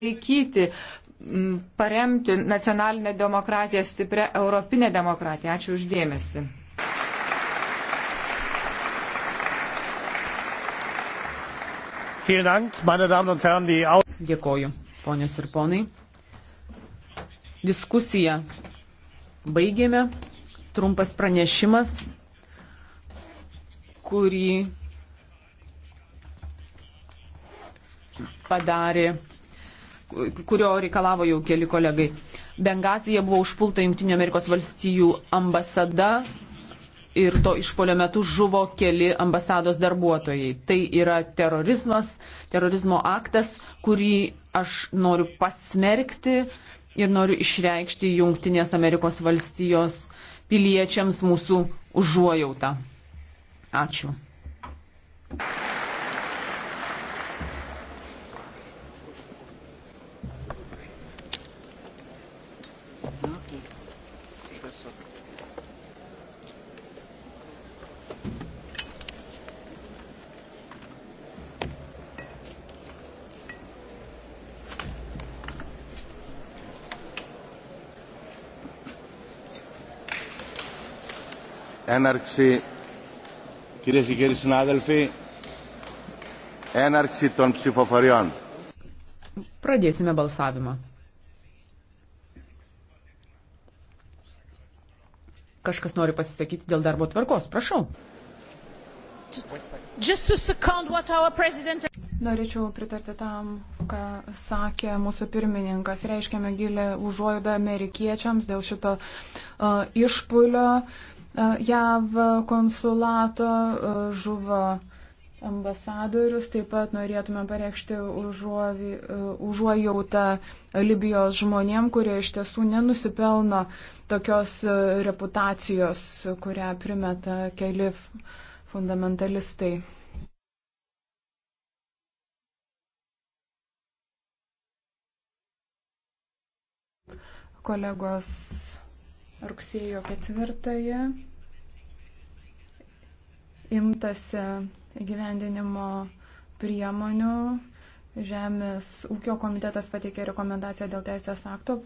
palaikyti, paremti nacionalinę demokratiją, stiprią europinę demokratiją. Ačiū uždėmesi. Dėkoju, ponios ir ponai. Diskusiją baigėme. Trumpas pranešimas, kurį padarė kurio reikalavo jau keli kolegai. Bengazija buvo užpulta Junktinių Amerikos valstijų ambasada ir to išpolio metu žuvo keli ambasados darbuotojai. Tai yra terorizmas, terorizmo aktas, kurį aš noriu pasmerkti ir noriu išreikšti Junktinės Amerikos valstijos piliečiams mūsų užuojautą. Ačiū. έναρξη κυρίες και κύριοι συνάδελφοι έναρξη των ψηφοφοριών Pradėsime balsavimą. Kažkas nori pasisakyti dėl darbo tvarkos. Prašau. Norėčiau pritarti tam, ką sakė mūsų pirmininkas. Reiškiame gilę užuojudą amerikiečiams dėl šito uh, e, išpulio. Uh, e, JAV konsulato uh, žuvo uh, ambasadorius. Taip pat norėtume pareikšti užuovį, e, užuojautą Libijos žmonėm, kurie iš tiesų nenusipelno tokios e, reputacijos, kurią primeta keli fundamentalistai. Kolegos rugsėjo ketvirtąją imtasi gyvendinimo priemonių. Žemės ūkio komitetas pateikė rekomendaciją dėl teisės akto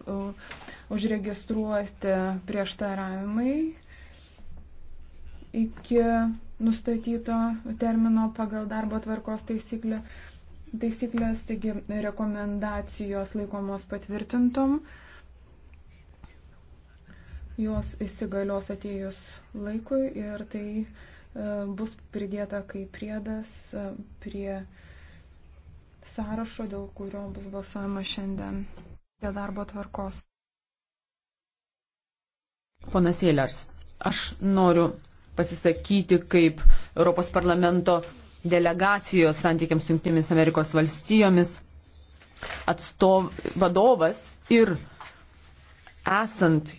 užregistruoti prieštaravimai iki nustatyto termino pagal darbo tvarkos taisyklę. Taisyklės, taigi rekomendacijos laikomos patvirtintom, jos įsigalios atėjus laikui ir tai E, bus pridėta kaip priedas e, prie sąrašo, dėl kurio bus balsuojama šiandien dėl darbo tvarkos. Ponas Eilers, aš noriu pasisakyti kaip Europos parlamento delegacijos santykiams su Junktinėmis Amerikos valstijomis atstov, vadovas ir esant